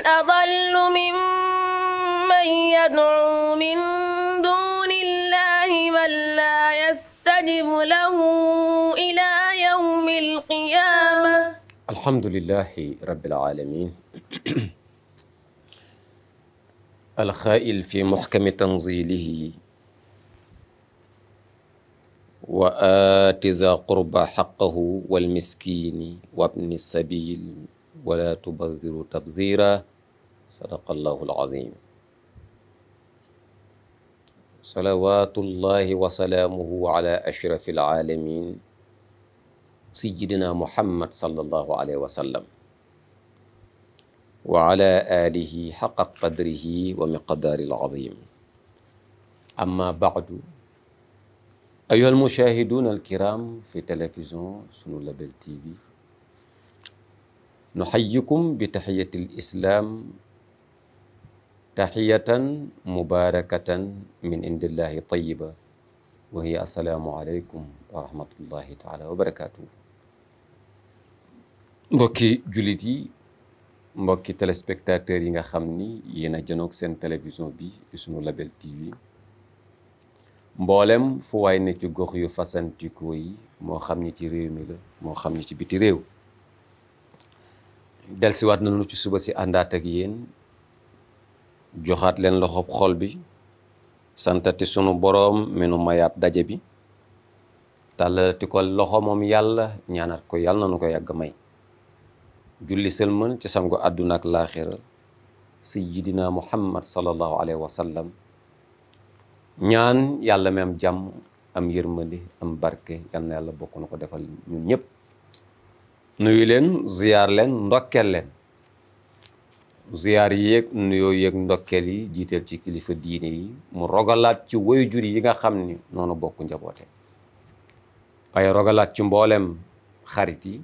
أضل ممن يدعو من دون الله من لا يستجب له إلى يوم القيامة الحمد لله رب العالمين الخائل في محكم تنزيله وآت ذا قربى حقه والمسكين وابن السبيل wala tubadiru tabdira sadaqallahu alazim salawatullahi wa salaamuhu ala ashrafi alaalamin sayyidina muhammad sallallahu alayhi wa sallam wa ala alihi xaqa qadrihi wa miqdaari alazim amma baadu ayuha almushahiduna alkiram fi télévision sunu label tv nuxayikum bi taxiyati lislaam taxiyatan mubarakatan min indillahi tayiba wa hiya assalaamu aleykum wa rahmatullahi taala wa barakatuhu mbokki jullit yi mbokki téléspectateurs yi nga xam ni yéen a janoog seen télévision bi sunu Label TV mboolem fu waay ne ci gox yu fasantikoo yi moo xam ni ci réew moo xam ni ci biti réew delsiwaat nañu ci suba si àndaat ak joxaat leen loxob xol bi santati sunu boroom menu mayaat daje bi tàllati ko loxo moom yàlla ñaanaat ko yàlla nañu ko yàgg may julli sëlman ci sangu àdduna ak laaxira sayyidina muhammad sallallahu alayhi wa sallam ñaan yàlla mi am jàmm am yërmande am barke yal na yàlla bokk na ko defal ñun ñëpp nuyu leen ziyaar leen ndokkeel leen ziyaar yéeg nuyoo yéeg ndokkeel yi jiiteel ci kilifa diine yi mu rogalaat ci wayu jur yi nga xam ni noonu bokk njaboote waaye rogalaat ci mboolem xarit yi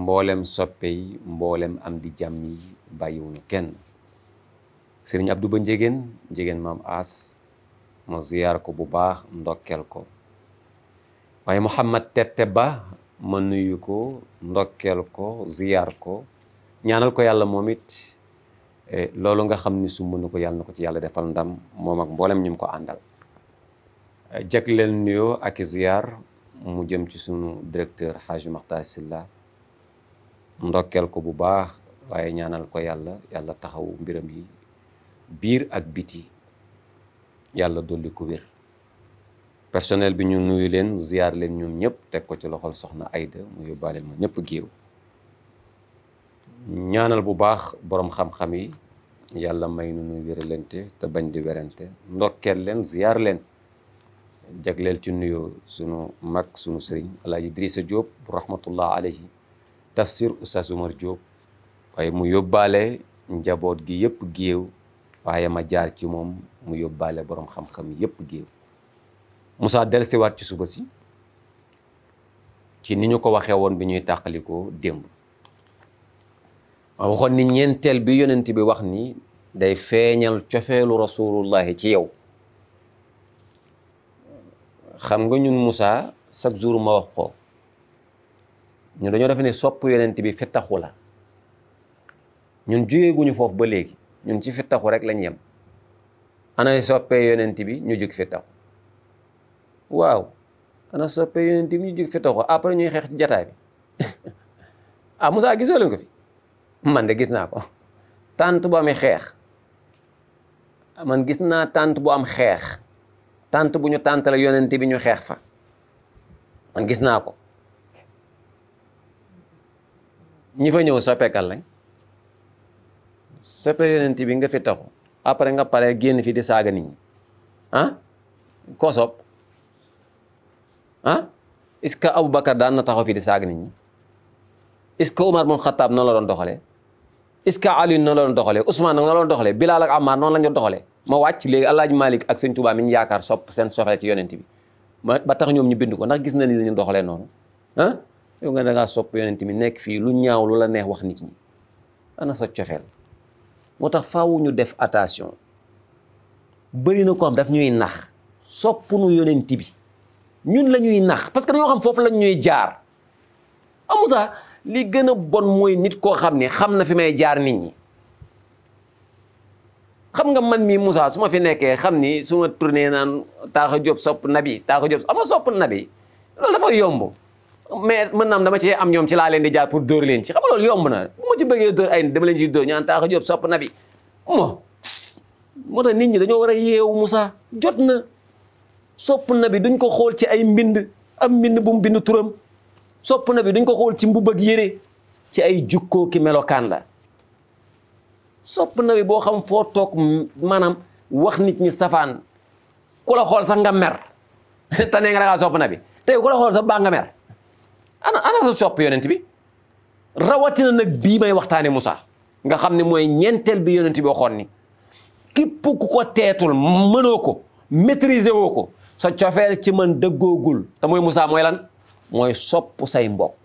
mboolem soppe yi mboolem am di jam yi bàyyiwuñu kenn sëriñ Abdou Ba njegéen njegéen maam aas ma ziyaar ko bu baax ndokkeel ko waaye Muhammad Tette Ba ma nuyu ko ndokkeel ko ziyaar ko ñaanal ko yàlla moom it e, loolu nga xam ni sumb na ko yàlla ko ci yàlla defal ndam moom ak mboolem ñu ko àndal e, jag leen nuyoo ak ziyaar mu jëm ci sunu directeur Hadj Makhtar Sylla ndokkeel ko bu baax waaye ñaanal ko yàlla yàlla taxaw mbiram yi biir ak biti yàlla dolli ko wér personnel bi ñu nuyu leen ziar leen ñoom ñëpp teg ko ci loxol soxna Aida mu yóbbaaleel ma ñëpp géew ñaanal bu baax boroom xam-xam yi yàlla may nu nuy wéralante te bañ di werante ndokkeel leen ziar leen jagleel ci nuyoo sunu mag sunu sëriñ alaaji Idrissa Diop bu rahmatullah alayhi tafsir Oustaz Oumar Diop waaye mu yóbbaale njaboot gi yëpp géew waaye ma jaar ci moom mu yóbbaale boroom xam-xam yëpp géew Moussa dellusiwaat ci suba si ci ni ñu ko waxee woon bi ñuy tàqalikoo démb waxoon ni ñeenteel bi yonent bi wax ni day feeñal cofeelu rasulullahi ci yow xam nga ñun Moussa chaque jour ma wax ko ñu dañoo defe sopp yonent bi fi taxu la ñun jógeeguñu foofu ba léegi ñun ci fi taxu rek lañ yem anay soppee yonent bi ñu jóg fi taxu waaw ana soppe yonent bi ñu jóg fi toxo après ñuy xeex ci jataay bi ah Moussa gisoo leen ko fi man de gis naa ko tànt bu amee xeex man gis naa tànt bu am xeex tànt bu ñu tàntale yonent bi ñu xeex fa man gis naa ko ñi fa ñëw soppeekal lañ soppe yonent bi nga fi taxu après nga pare génn fi di saaga nit ñi ah koo sopp ah est-ce que Aboubacar daan na taxaw fii di saag nit ñi est-ce que Omar moom Xattaab noonu la doon doxalee est-ce que Ali noonu la doon doxalee Ousmane noonu la doxole doxalee Bilal ak Ammar noonu la ñu doon doxalee ma wàcc léegi Alaaji Malik ak sëñ Tuubaa yaakaar sopp seen soxla ci yonent bi ma ba tax ñoom ñu bind ko ndax gis na li ñu doxalee noonu ah yow nga da ngaa sopp yonent bi nekk fii lu ñaaw lu la neex wax nit ñi ana sa cofeel moo tax faaw ñu def attention bëri na ko am ñuy nax sopp nu yonent ñun la ñuy nax parce que dañoo xam foofu lañ ñuy jaar Amouza li gën a bon mooy nit koo xam ne xam na fi may jaar nit ñi xam nga man mii Moussa su ma fi nekkee xam ni su ma tourné naan taaxa job sopp nabi taaxa job ama sopp nabi loolu dafa yomb mais mën naam dama ci am ñoom ci laa leen di jaar pour dóor leen ci xam nga yomb na bu ma ci bëggee dóor ay dama leen ci dóor ñaan taaxa job sopp nabi mo moo tax nit ñi dañoo war a yeewu Moussa jot na sopp na bi duñ ko xool ci ay mbind am mbind bu mu turam sopp na bi duñ ko xool ci mbubb ak yére ci ay jukkoo ki melokaan la sopp na bi boo xam foo toog maanaam wax nit ñi safaan kula la xool sax nga mer te nee nga da ngaa sopp na bi tey ku la xool baa nga mer ana sa sopp yonent bi rawatina nag bii may waxtaane musa nga xam ne mooy ñeenteel bi yonent bi waxoon ni képp ku ko teetul mënoo ko maîtriser woo ko sa cofeel ci man dëggoogul te muy Moussa mooy lan mooy sopp say mbokk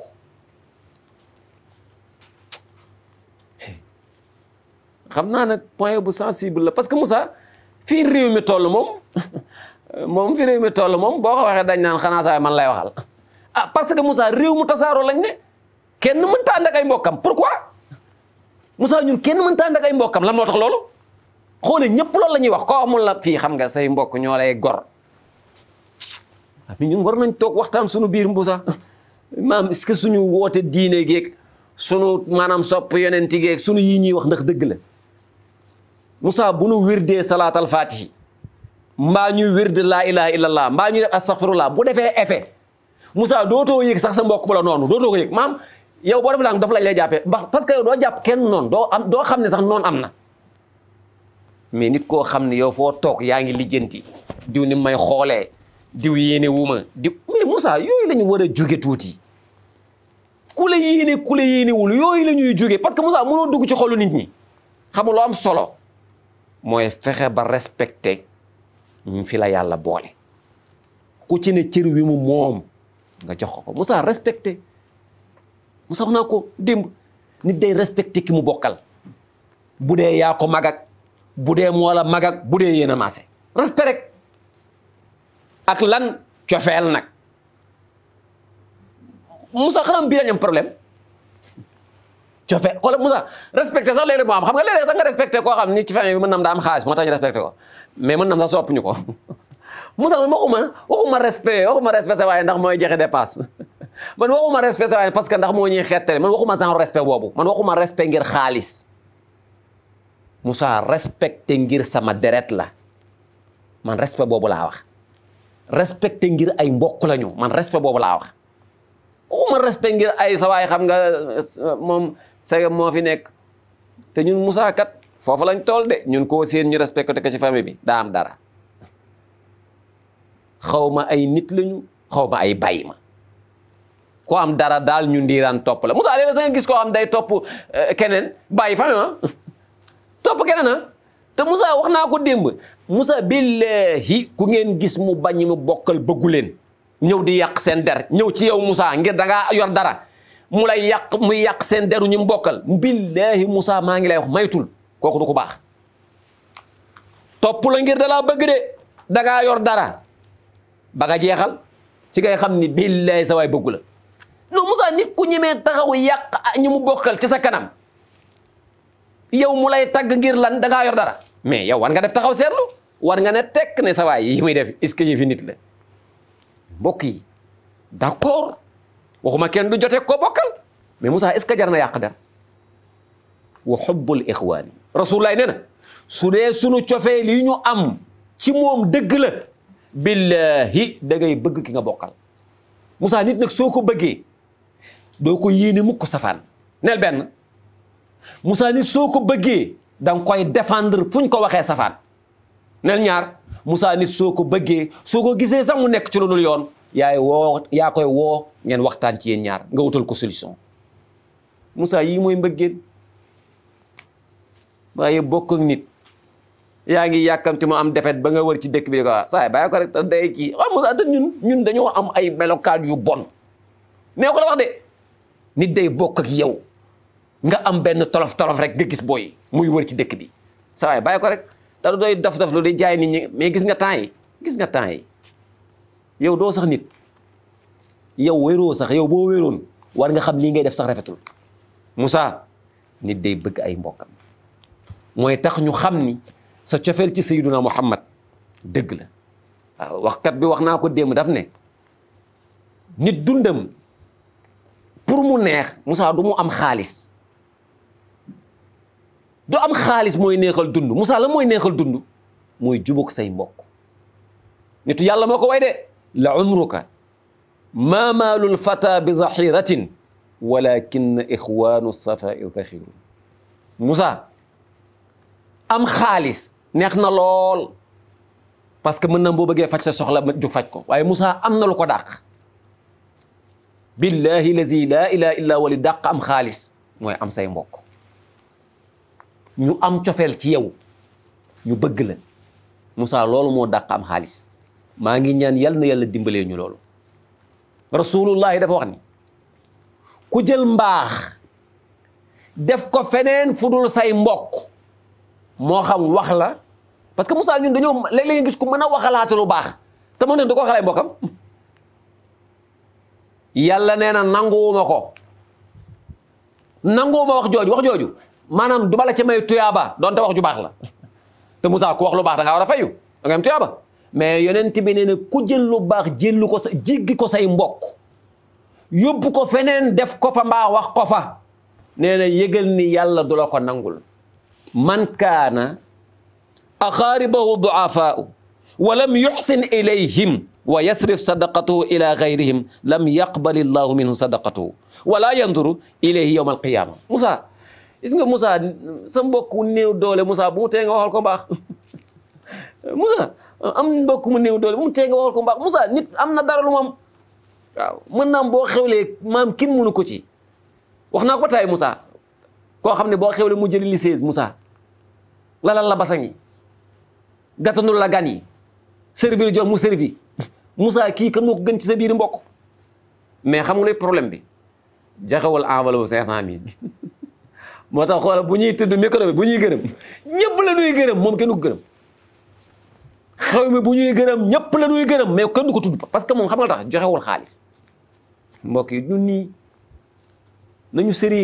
xam naa nag point bu sensible la parce que Moussa fii réew mi toll moom moom fii réew mi moom boo dañ naan xanaa saa man lay waxal ah parce que Moussa réew mu tasaaroo lañ ne kenn mënta ànd ak ay mbokkam pourquoi Moussa ñun kenn mënta ànd ak ay mbokkam lan moo tax loolu xoolee ñëpp loolu la ñuy wax koo xamul la fii xam nga say mbokk ñoo lay gor mais war nañ toog waxtaan suñu biir maam suñu woote diine geeg sunu maanaam sopp yonenti geeg sunu yii ñuy wax ndax dëgg la Moussa bu nu wirdee salaatal faatihi mbaa ñuy wirde laa ilaha illallah mbaa ñuy def astaghfirullah bu defee effet Moussa dootoo yëg sax sa mbokk bala noonu doo ko yëg maam yow boo def laang daf lañ lay jàppee parce que yow doo jàpp kenn noon doo am doo xam ne sax noon am na mais nit ko xam ne yow foo toog yaa ngi lijjanti diw ni may xoolee diw yéene wuma di diw yooyu la ñu war a jóge tuuti ku la yéene ku la yéenewul yooyu la ñuy jóge parce que Moussa mënoo dugg ci xolu nit ñi xam lu am solo mooy fexe ba respecte fi la yàlla boole ku ci ne cër wi mu moom nga jox ko Moussa respecté Moussa wax ko démb nit day respecté ki mu bokkal bu dee yaa ko magak bu dee moo la magak bu dee yéen a maase ak lan cofeel nag Moussa xanaa biir am problème cofeel xoolal Moussa respecté sax léeg-léeg moo am xam nga léeg-léeg sax nga respecté koo xam ni ci famille bi mën nam daa am xaalis moo tax ñu respecté ko mais mën nam sax soppuñu ko Moussa man waxuma waxuma respect waxuma respect sa waaye ndax mooy joxe dépasse man waxuma respect sa waaye parce que ndax moo ñuy xettale man waxuma genre respect boobu man waxuma respect ngir xaalis Moussa respecté ngir sama deret la man respect boobu laa wax respecté ngir ay mbokk lañu man respect boobu laa wax waxuma respect ngir ay sawaay xam nga euh, moom sege moo fi nekk te ñun Moussa kat foofu lañ tool de ñun koo seen ñu respecté ko ci famille bi daa am dara xaw ma ay nit lañu xaw ma ay bay ma ko am dara daal ñu ndiiraan topp la Moussa léeg-léeg sa gis koo xam day topp euh, keneen bay famille ma topp keneen ah te Moussa wax naa ko démb Moussa billahi ku ngeen gis mu bañ mu bokkal bëggu leen ñëw di yàq seen der ñëw ci yow Moussa ngir danga ngaa yor dara mu lay yàq mu yàq seen deru ñu mu bokkal billahi Moussa maa ngi lay wax maytul kooku du ko baax topp la ngir da laa bëgg de da ngaa yor dara ba nga jeexal ci ngay xam ni billahi sa waay bëggu la non Moussa nit ku ñemee taxaw yàq ah, ñu mu bokkal ci sa kanam yow mu lay tagg ngir lan da yor dara mais yow war nga def taxaw seetlu war nga ne tekk ne sa waay yi muy def est-ce que yëfi nit la mbokk yi d'accord waxuma kenn du jotee ko bokkal mais musa est-ce que jar na yàq dara wa xubbul ixwaani rasulullah nee na su dee sunu cofee li ñu am ci moom dëgg la billahi da bëgg ki nga bokkal Moussa nit nag soo ko bëggee doo ko yéene mukk safaan neel benn Moussa nit soo ko bëggee da nga koy défendre fu ñu ko waxee safaat nel ñaar Moussa nit soo ko bëggee soo ko gisee sax mu nekk ci lu yoon yaay woo yaa koy woo ngeen waxtaan ci yéen ñaar nga wutal ko solution Moussa yii mooy mbëggeel waaye bokk ak nit yaa ngi yàkkamti mu am defet ba nga wër ci dëkk bi di ko wax saa bàyyi ko rek day kii ah, ñun dañoo am ay melokaan yu bon mais ko la wax de nit day bokk ak yow nga am benn tolof tolof rek nga gis booy muy wër ci dëkk bi sa waay ko rek dara dooy daf daf lu di jaay ni ñi mais gis nga temps yi gis nga temps yi yow doo sax nit yow wéeroo sax yow boo wéeroon war nga xam lii ngay def sax rafetul musa nit day bëgg ay mbokkam mooy tax ñu xam ni sa cofeel ci Sayyiduna Muhammad dëgg la waaw waxkat bi wax naa ko démb daf ne nit dundam pour mu neex Moussa du am xaalis du am xaalis mooy neexal dund Moussa la mooy neexal dund mooy jubóog say mbokk nit yàlla moo ko way de la umruka maa maalul fata bi zahiratin walakin ixwaanu safai zahirun Moussa am xaalis neex na lool parce que mën na boo bëggee faj sa soxla ju faj ko waaye Moussa am na lu ko dàq billahi lazi illa wali dàq am xaalis mooy am say mbokk ñu am cofeel ci yow ñu bëgg la Moussa loolu moo daq am xaalis maa ngi ñaan yal na yàlla dimbalee ñu loolu rasulullahi dafa wax ni ku jël mbaax def ko feneen fu dul say mbokk moo xam wax la parce que Moussa ñun dañoo léeg-léeg gis ku mën a waxalaate lu baax te moom tamit du ko waxalaay mbokkam yàlla nee na nanguwuma ko nanguwuma wax jooju wax jooju maanaam du ma la ca may tuyaaba donte wax ju baax la te Moussa ku wax lu baax da ngaa war a fayu da nga am tuyaaba mais yonent bi nee na ku jël lu baax jëllu ko sa jiggi ko say mbok yóbbu ko feneen def ko fa mbaa wax ko fa nee na yëgal ni yàlla du ko nangul man kaana aqaaribahu duafaau wa lam yuxsin ilayhim wa yasrif sadaqatuhu ila gayrihim lam yaqbal illaahu minhu sadaqatuhu wala yanduru ilayhi yowma alqiyaama Moussa gis nga Moussa sa mbokk mbokku néew doole Moussa bu mu tee nga waxal ko mbaax Moussa am mbokk mu néew doole bu mu tee nga waxal ko mbaax Moussa nit am na dara lu mu am waaw mën naa am boo xewlee maam kin mënu ko ci wax na ko ba taay Moussa koo xam ne boo xewlee mu jëli lycée Moussa lalal la basan yi gàttanul la gan yi servir jox mu servi Moussa kii kan moo gën ci sa biir mbokk mais xam nga ne problème bi jaxewal enveloppe cinq cent mille moo tax xoolal bu ñuy tudd micro bi bu ñuy gërëm ñëpp la ñuy gërëm moom kenn ko gërëm xew mi bu ñuy gërëm ñëpp la ñuy gërëm mais kenn ko tudd parce que moom xam nga tax joxewul xaalis mbokk yi nii nañu sëri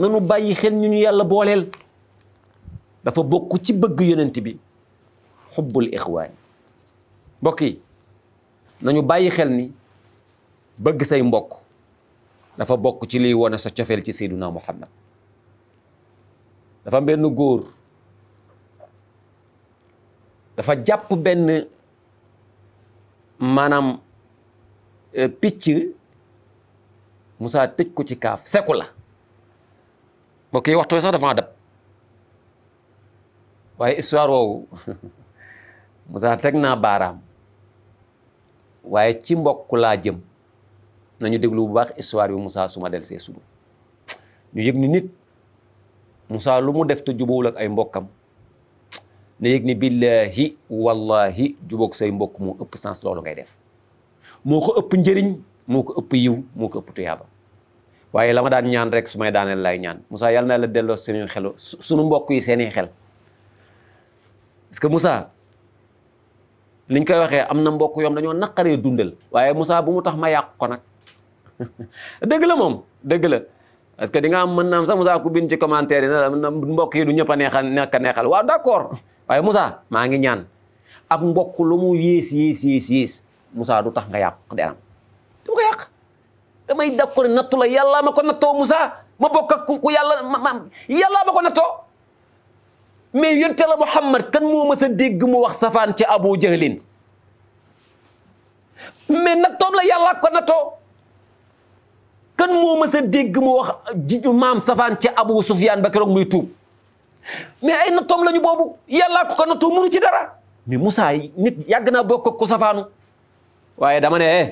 nañu bàyyi xel ñu yàlla booleel dafa bokk ci bëgg yonent bi xubbul mbokk yi nañu bàyyi xel ni bëgg say mbokk dafa bokk ci li wane sa cofeel ci Seyduna Muhammad dafa benn góor dafa jàpp benn maanaam euh, picc musa tëj ko ci kaaf seku la mbokk yi sax dafa dab waaye histoire woowu Moussa teg naa baaraam waaye ci mbokk laa jëm nañu déglu bu baax histoire bi Moussa suma ma del see suba ñu yëg ni nit Moussa lu mu def te jubawul ak ay mbokkam ne yëg ni billahi wallahi jubóog say mbokk moo ëpp sens loolu ngay def moo ko ëpp njëriñ moo ko ëpp yiw moo ko ëpp tuyaaba waaye lama daan ñaan rek su may daaneel lay ñaan musa yàlla naa la delloo seeni xelu suñu mbokk yi seeni xel parce que Moussa liñ koy waxee am na mbokk yoom dañoo naqaree dundal waaye Moussa bu mu tax ma yàq ko nag dëgg la moom dëgg la parce que di nga am mën naa am sax Moussa ku bind ci commentaire yi mbokk yi du ñëpp a neexal nekk a neexal waaw d'accord waaye Moussa maa ngi ñaan ak mbokk lu mu yées yées yées yées du tax nga yàq deram du ko yàq damay d'accord nattu la yàlla ma ko nattoo Moussa ma bokk ak ku yàlla ma yàlla ma ko nattoo mais yonte la Muhammad kan moo mës a dégg mu wax safaan ci Abu Jahlin mais nattoom la yàlla ko nattoo kan moo mës a dégg mu wax jiju maam safaan ci Abu Sufyaan ba keroog muy tuub mais ay nattoom lañu boobu yàllaa ko ko nattoo mënu ci dara mais Moussa nit yàgg naa bokk ku safaanu waaye dama ne eh,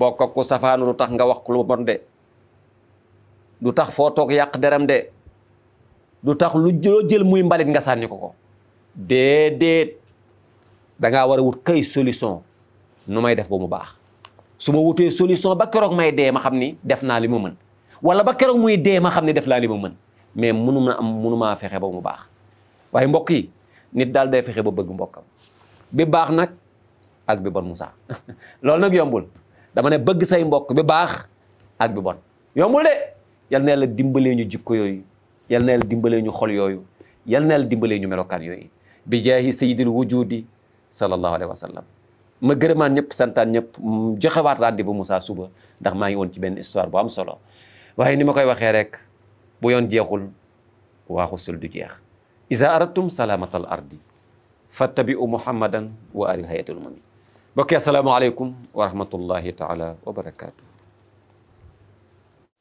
bokk ku safaanu lu tax nga wax lu bon de du tax foo toog yàq deram de du tax lu loo jël muy mbalit nga sànni ko ko déedéet da ngaa war a wut kay solution nu may def ba mu baax su ma wutee solution ba keroog may dee xam ni def naa li ma man wala ba keroog muy dee ma xam ni def naa li ma man mais munu ma am munu maa fexe ba mu baax waaye mbokk yi nit daal day fexe ba bëgg mbokkam bi baax nag ak bi bon Moussa loolu nag yombul dama ne bëgg say mbokk bi baax ak bi bon yombul de yal na yàlla dimbalee ñu jikko yooyu yal na yàlla dimbalee ñu xol yooyu yal na yàlla dimbalee ñu melokaan yooyu bi jaahi sayyidil wujudi sallallahu alayhi wa sallam ma gërëmaan ñëpp santaan ñëpp joxewaat rendez-vous Moussa suba ndax maa ngi woon ci benn histoire bu am solo waaye ni ma koy waxee rek bu yoon jeexul waaxu sel du jeex isa aradtum salaamatal ardi fattabi'u muhammadan wa ali hayatul mumi bokk asalaamaaleykum wa rahmatullahi taala wa barakaatu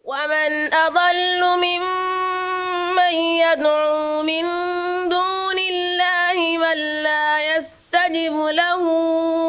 waman adallu mimman yad'u min duni llahi man la yastajibu lahu